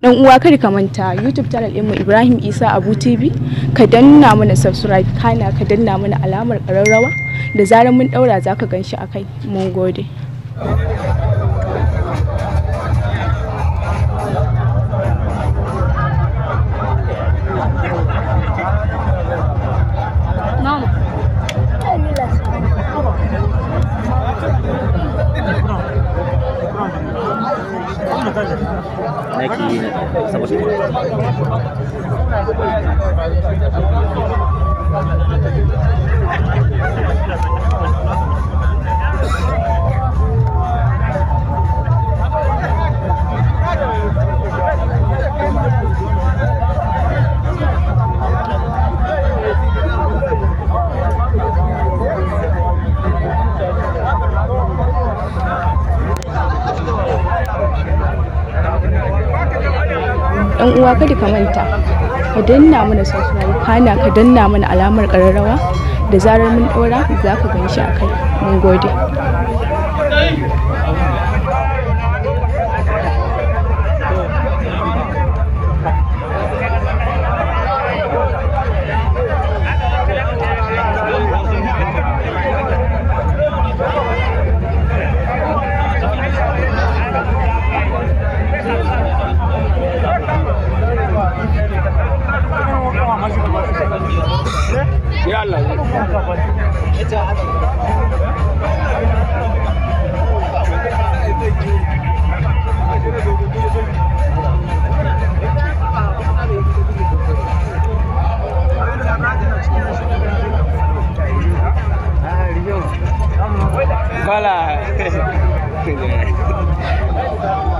dan uwa kada ka manta youtube channel mu ibrahim isa abu tv ka danna mana subscribe kana ka danna mana alamar kararrawa da zarar mun daura zaka ka ganshi akai, kai mun gode Nike sama semua. Thank you. yan uwa kada ka manta ka danna mana sosai kana ka danna mana alamar kararrawa da zarar mun ɗora za ka gan shi a kai mun gode ya Allah Bala.